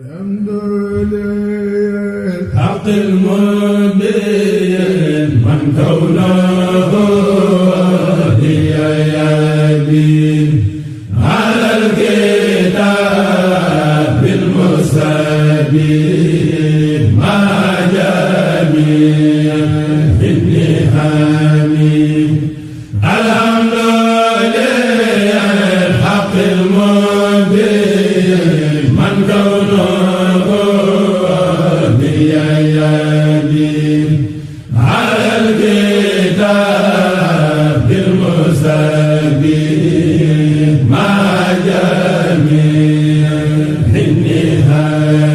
الحمد لله حق المبين Hare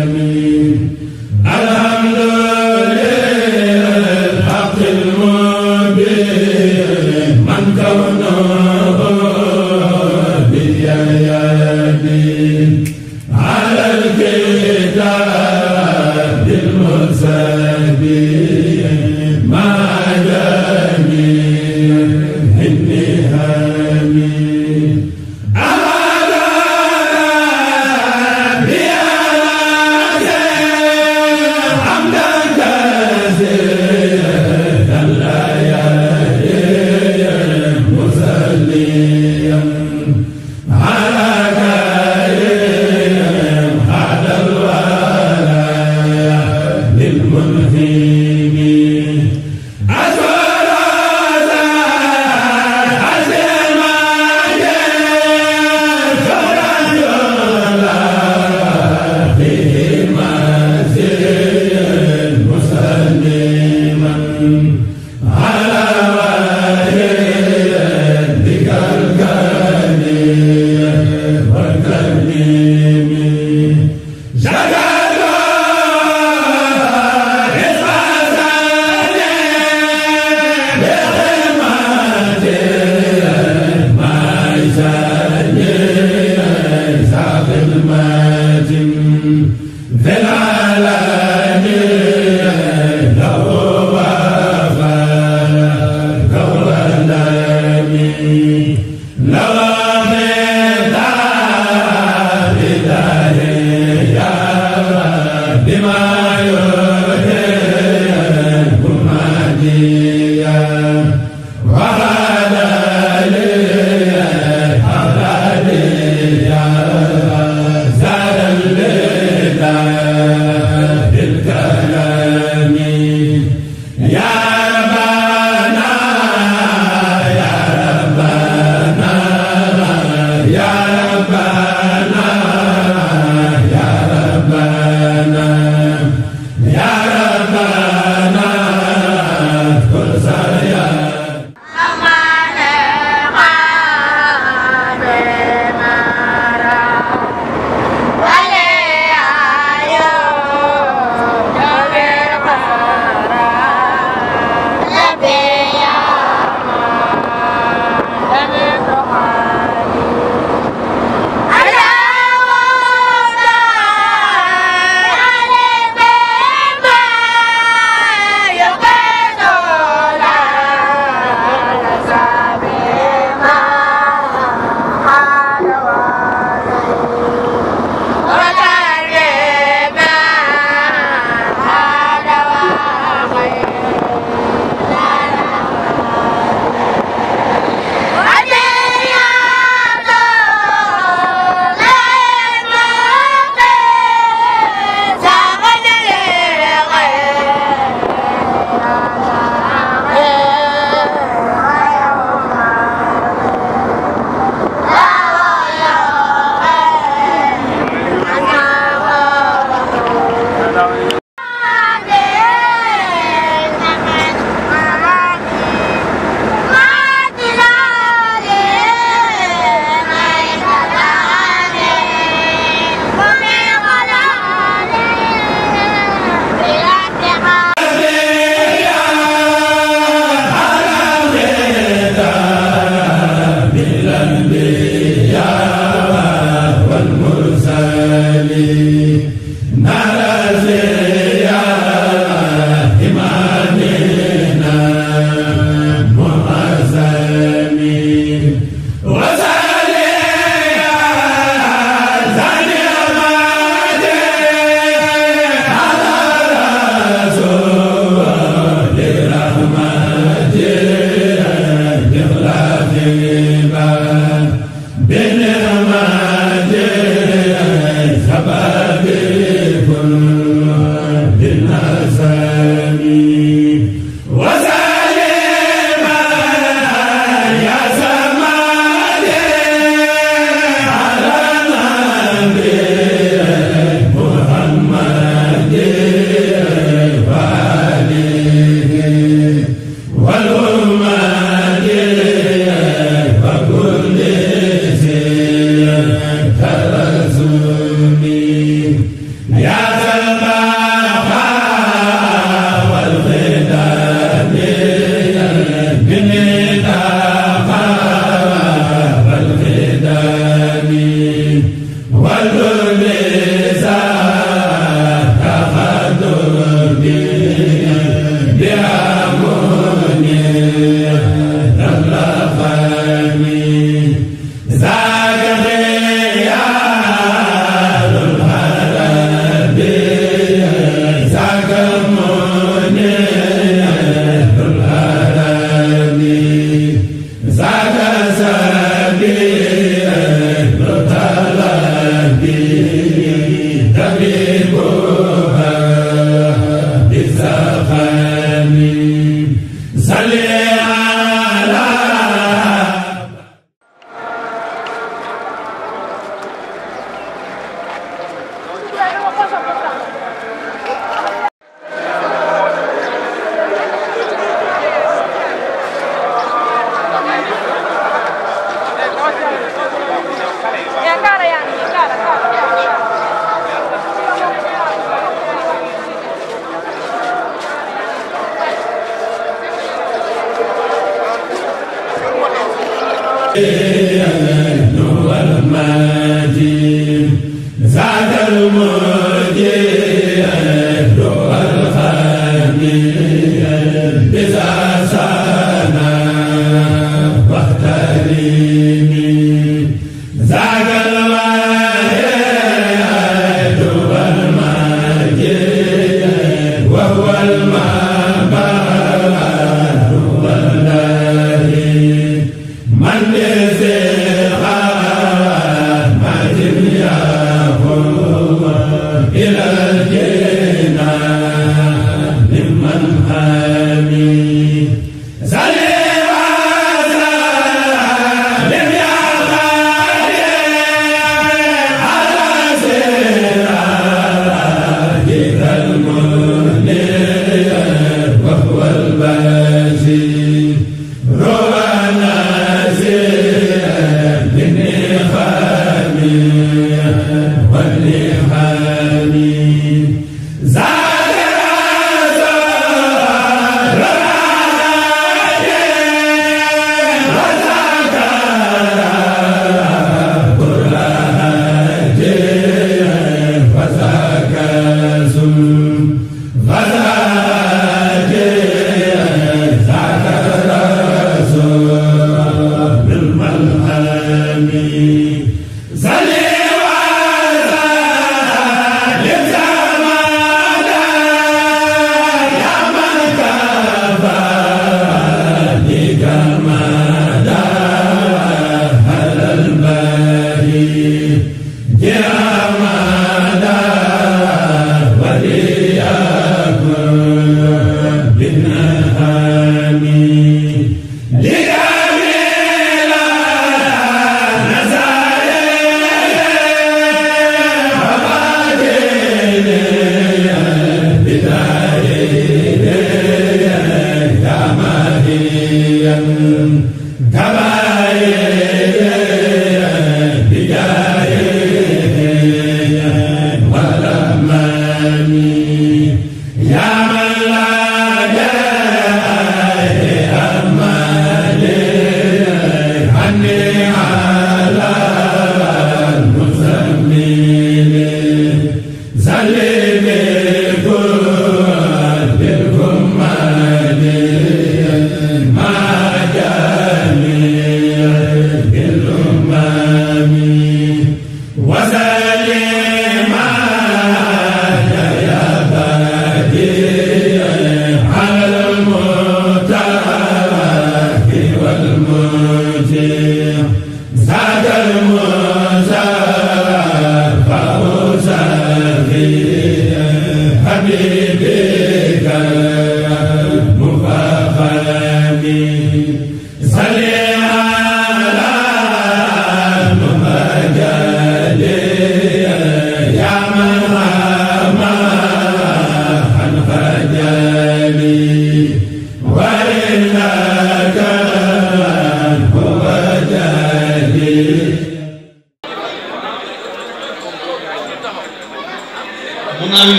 I ala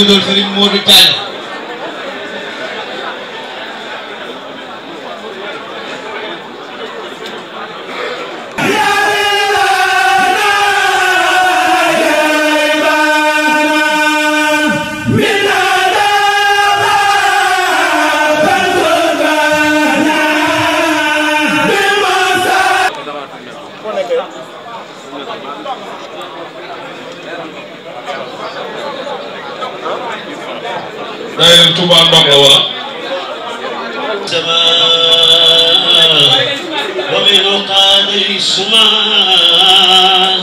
ndigal Serigne Modou Thiané daayira Touba Ndong la wala ومن قاضي السماء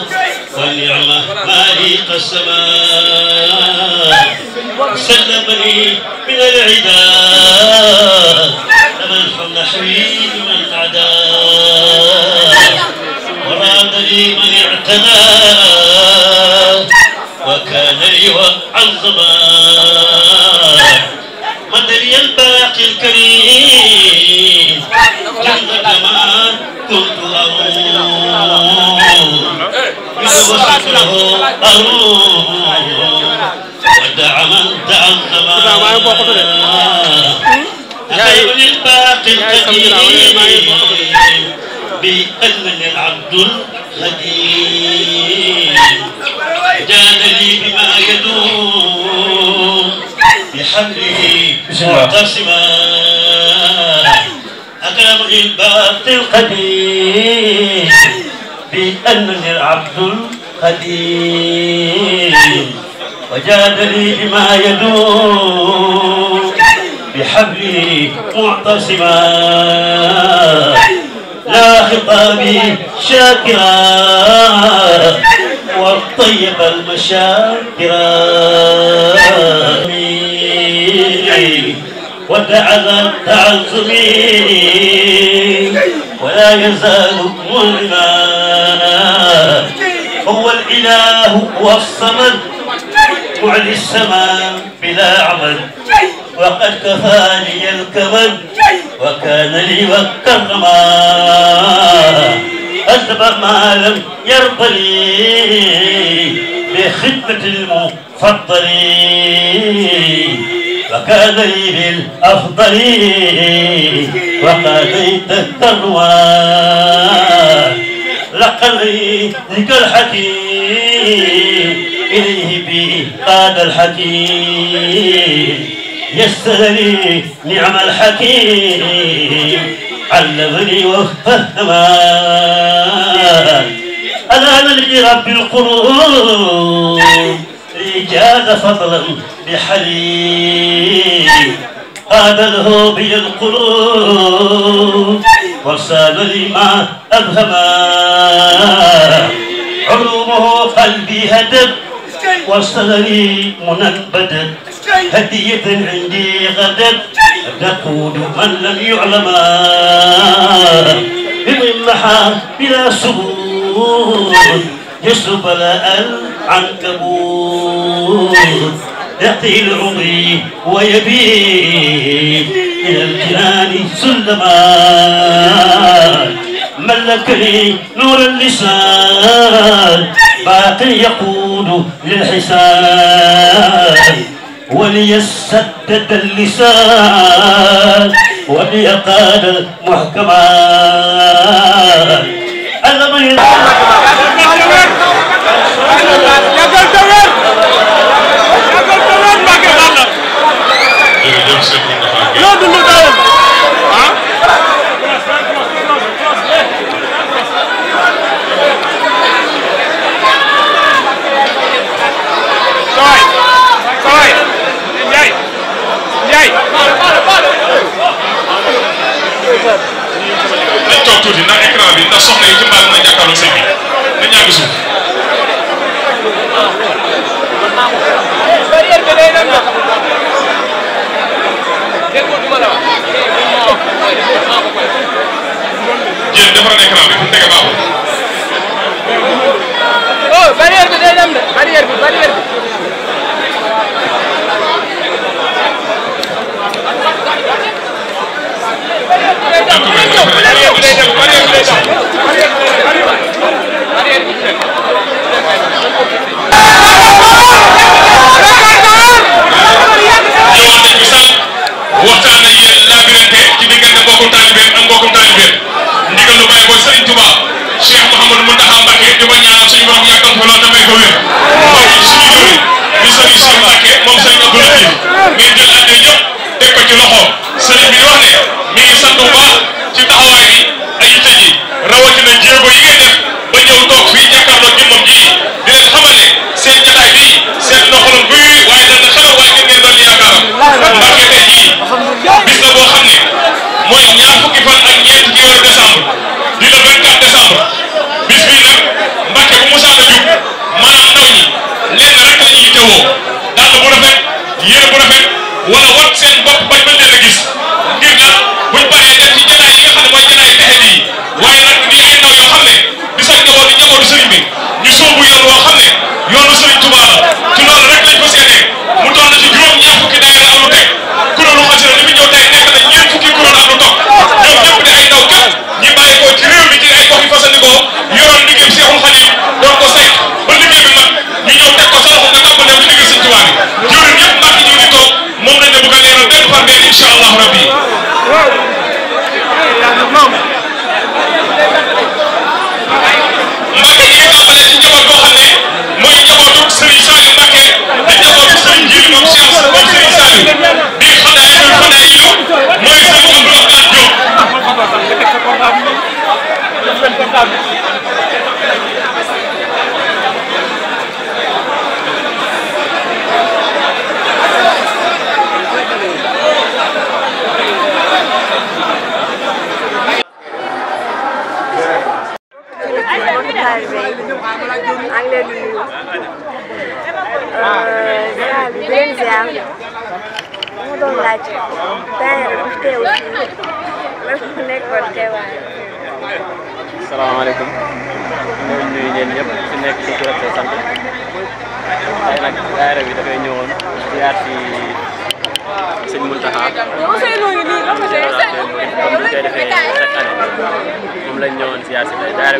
ونعمة مالك السماء سلمني من العداء لمن حول حبيب نصره الله ودع من دعا خير الباقي القديم بألمن العبد القديم جان لي بما يدوم بحمله معتصما أكرم الباطل القديم بأنني العبد قدير وجادني بما يدور بحبلي معتصما لا خطابي شاكرا والطيب المشاكرا وتعذب تعزمي ولا يزال مؤمنا هو الإله هو الصمد تعلي السماء بلا عمل وقد كفاني الكبد وكان لي وكرما أدبر ما لم يرضى لي بخدمة المفضل وكان لي بالأفضل وقضيت الثروة لقلبي الحكيم إليه بي قاد الحكيم يسر لي نعم الحكيم علمني وفهما أنا من رب القرون إجاد فضلا بحليم له بي القلوب وارسال لي ما أبهما علومه قلبي هدب وصدري منبدد هدية عندي غدد نقود من لم يعلم بمن محا بلا سبور يسلب لا العنكبوت يعطي العمري ويبيد إلى الجنان سلما ملك نور اللسان باقي يقود للحساب وليسدد اللسان وليقال المحكمات أنا من يا nañ toog tuuti ndax écran bi ndax soxna yi ci mbaal na jàkkaarloo sëñ bi nañ ñàgg suuf. jërëjëf defaral écran bi fu mu tege baaxul. oh barrière bi day dem de barrière bi barrière bi. ñëw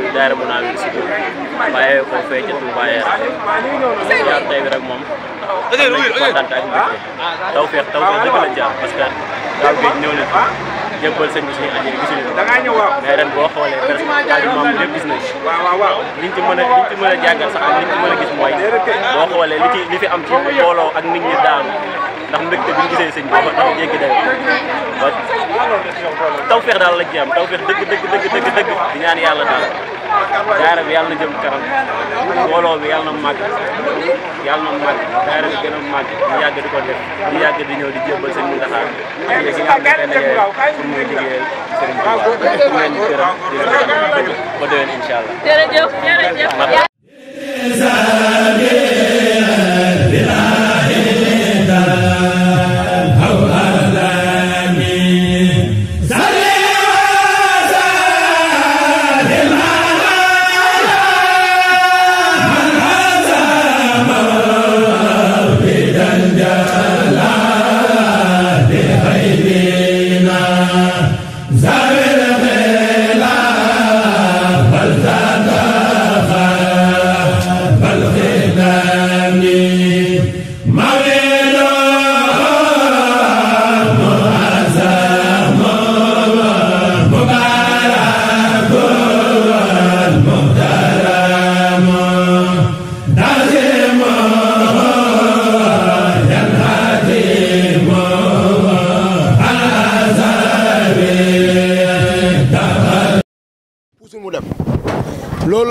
bi daara mën naa wér si biir bàyyee ko fee ca Touba Yarax jaar tey bi rek moom am nañu kontaan ak mbégte taw feex taw feex dëgg lañ ci am parce que daaw géej ñëw na fi jébbal sëñ bi suñu at yii gisuñu mais boo xoolee presque at yi moom lépp gis nañ a a sax ak liñ ci mën a mooy boo xoolee li ci fi am ci mbooloo ak nit ñi daanu ndax mbégte bi ñu gisee sëñ bi dafa dafa jéggi dayoo ba tawféex daal lañ ci am tawféex dëgg dëgg dëgg dëgg dëgg di ñaan yàlla daal daara bi yàlla na jëm kanam mbooloo bi yàlla na màgg yàlla na màgg daara bi gën a màgg ñu yàgg di ko def ñu yàgg di ñëw di jébbal sëñ bi ndaxaar léegi nga xamante ne pour muy liggéeyal sëriñ Tuubaa def leen gërëm di leen ba déwén incha allah jërëjëf jërëjëf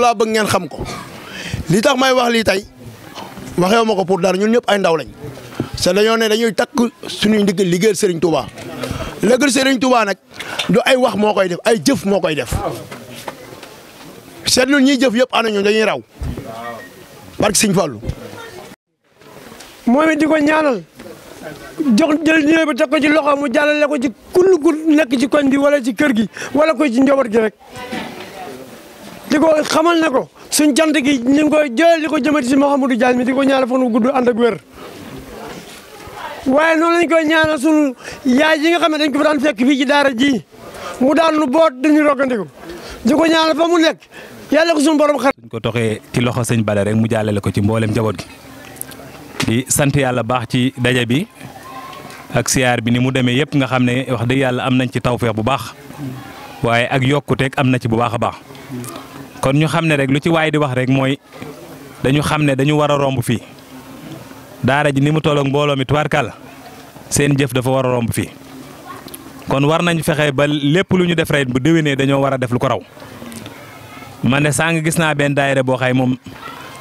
laa bëgg ngeen xam ko li tax may wax li tay waxewu mako pour dar ñun ñëpp ay ndaw lañ sa dañu ne dañuy tak suñu ndig liggéeyal Serigne Touba liggéeyal Serigne Touba nak du ay wax mo koy def ay jëf mo koy def sét ñun ñi jëf yëpp anañu dañuy raw bark Serigne fallu momi diko ñaanal jox jël ñëw ba teg ko ci loxo mu jallale ko ci kullu gu nek ci koñ bi wala ci kër gi wala ko ci njaboot gi rek. di ko xamal ne ko suñ jant gi ñu ngi koy di ko jëmati si Mouhamadou Diagne mi di ko ñaanal fan wu gudd ànd ak waaye noonu lañ koy ñaanal sunu yaay yi nga xam ne dañ ko fa daan fekk fii ci daara ji mu daan nu boot dañuy rogandiku di ko ñaanal fa mu nekk yàlla ko suñu borom xar. suñ ko toxee ci loxo sëñ Bada rek mu jàllale ko ci mboolem njaboot gi di sant yàlla baax ci daje bi ak siyaar bi ni mu demee yëpp nga xam ne wax dëgg yàlla am nañ ci tawfeex bu baax waaye ak yokkuteeg am na ci bu baax a baax. kon ñu xam ne rek lu ci waay di wax rek mooy dañu xam ne dañu war a romb fii daara ji ni mu tollook mbooloo mi tubarkal seen jëf dafa war a romb fii kon war nañ fexe ba lépp lu ñu def rek bu déwénee dañoo war a def lu ko raw man ne sàng gis naa benn daayira boo xay moom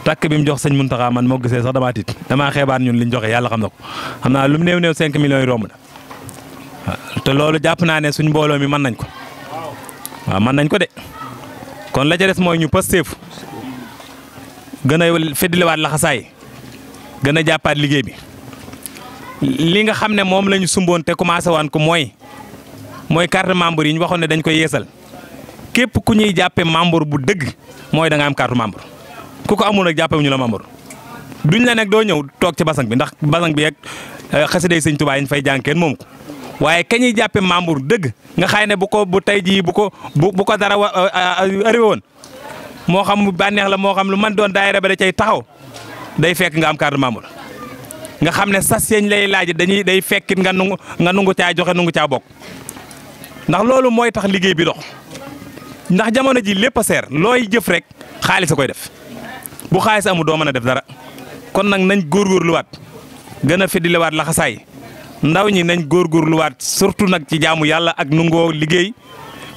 takk bi mu jox sañ mun Muntaxa man moo gisee sax damaa tiit damaa xeebaat ñun liñ joxe yàlla xam na ko xam naa lu mu néew néew 5 millions yi romb na te loolu jàpp naa ne suñ mbooloo mi mën nañ ko kon la ca des mooy ñu pasteefu gën a feddiliwaat laxasaay gën a jàppaat liggéey bi li nga xam ne moom la ñu sumboon te commencé waan ko mooy mooy carte membre yi ñu waxoon ne dañ koy yeesal képp ku ñuy jàppee membre bu dëgg mooy danga am carte membre ku ko amul nag jàppee ñu la membre duñ la nekk doo ñëw toog ci basang bi ndax basang bi ak euh, xasida yi sëñ Tuubaa yi ñu fay jàng kenn moom ko waaye kañuy jàppe membre dëgg nga xaay ne bu ko bu tey jii bu ko bu bu ko dara euh, euh, arrivé woon moo xam bànneex la moo xam lu man doon daayira ba da cay taxaw day fekk nga am carte membre nga xam ne sas yeñ lay laaj dañuy day fekkit nga nungu nga nungu caa joxe nungu caa bokk ndax loolu mooy tax liggéey bi dox ndax jamono ji lépp a seer looy jëf rek xaalis a koy def bu xaalis amul doo mën a def dara kon nag nañ góor góorgóorluwaat gën a fiddilewaat laxasaay ndaw ñi nañ góor góorgóorluwaat surtout nag ci jaamu yàlla ak nungoo liggéey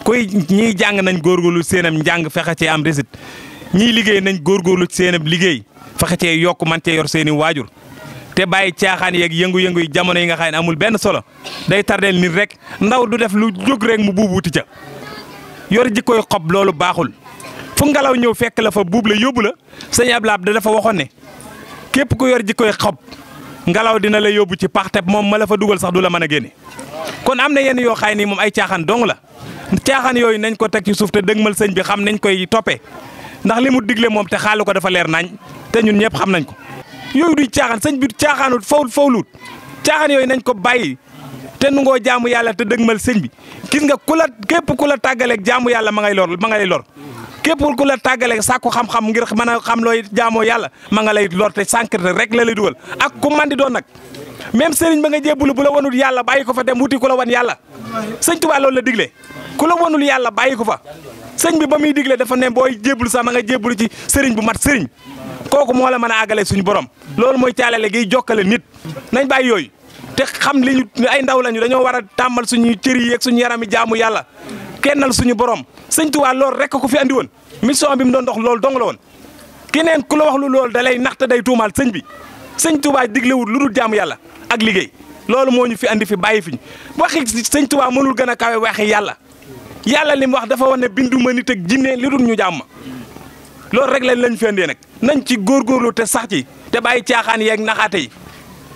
kuy ñiy jàng nañ góor góorgóorlu seenam jàng fexe cee am résit ñiy liggéey nañ góorgóorlu seenam liggéey fexe cee yokk man cee yor seeni waajur te bàyyi caaxaan yeeg yëngu-yëngu yi jamono yi nga xam ne amul benn solo day tardeel nit rek ndaw du def lu jóg rek mu buubu wuti ca yor jikkoy xob loolu baaxul fu ngelaw ñëw fekk la fa buub la yóbbu la sëñ Ablaab da dafa waxoon ne képp ku yor jikkoy xob ngelaw dina la yóbbu ci pax te moom ma la fa dugal sax du la mën a génne kon am na yenn yoo xay nii moom ay caaxaan dong la caaxaan yooyu nañ ko teg ci suuf te mal sëñ bi xam nañ koy toppee ndax li mu digle moom te xaalu ko dafa leer nañ te ñun ñëpp xam nañ ko yooyu duy caaxaan sëñ bi caaxaanut fawul fawlut caaxaan yooyu nañ ko bàyyi te nu jaamu yàlla te dëgmal sëñ bi gis nga ku la képp ku la tàggaleeg jaamu yàlla ma ngay lor ma ngay lor képp ku la tàggaleeg sàkku xam-xam ngir mën a xam looy jaamoo yàlla ma nga lay lor te rek la lay dugal ak ku man di doon nag même sëriñ ba nga jébbalu bu la wanul yàlla bàyyi ko fa dem wuti ku la wan yàlla sëñ Tuubaa loolu la digle ku la wanul yàlla bàyyi ko fa sëñ bi ba muy digle dafa ne booy jébbalu sax na nga jébbalu ci sëriñ bu mat sëriñ kooku moo la mën a àggale suñu borom loolu mooy caalale gi jokkale nit nañ bàyyi yooyu te xam li ñu ay ndaw lañu dañoo war a tàmmal suñu cëri yi ak yaram yi jaamu yàlla kennal suñu borom sëñ Tuubaa lool rek ko fi andi woon mission bi mu doon dox lool dong la woon keneen ku la wax lu loolu dalay lay naxta day tuumaal sëñ bi sëñ Tuubaa diglewul lu dul jaamu yàlla ak liggéey loolu moo ñu fi andi fi bàyyi fi ñu waxi sëñ Tuubaa mënul gën a kawe waxi yàlla yàlla li mu wax dafa wane ne bindu ma nit ak jinne li dul ñu jàmm loolu rek lañ lañ fi andee nag nañ ci góorgóorlu te sax ci te bàyyi caaxaan yeeg naxaate yi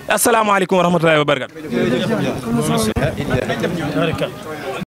asalaamaaleykum wa rahmatulahi wa barakatu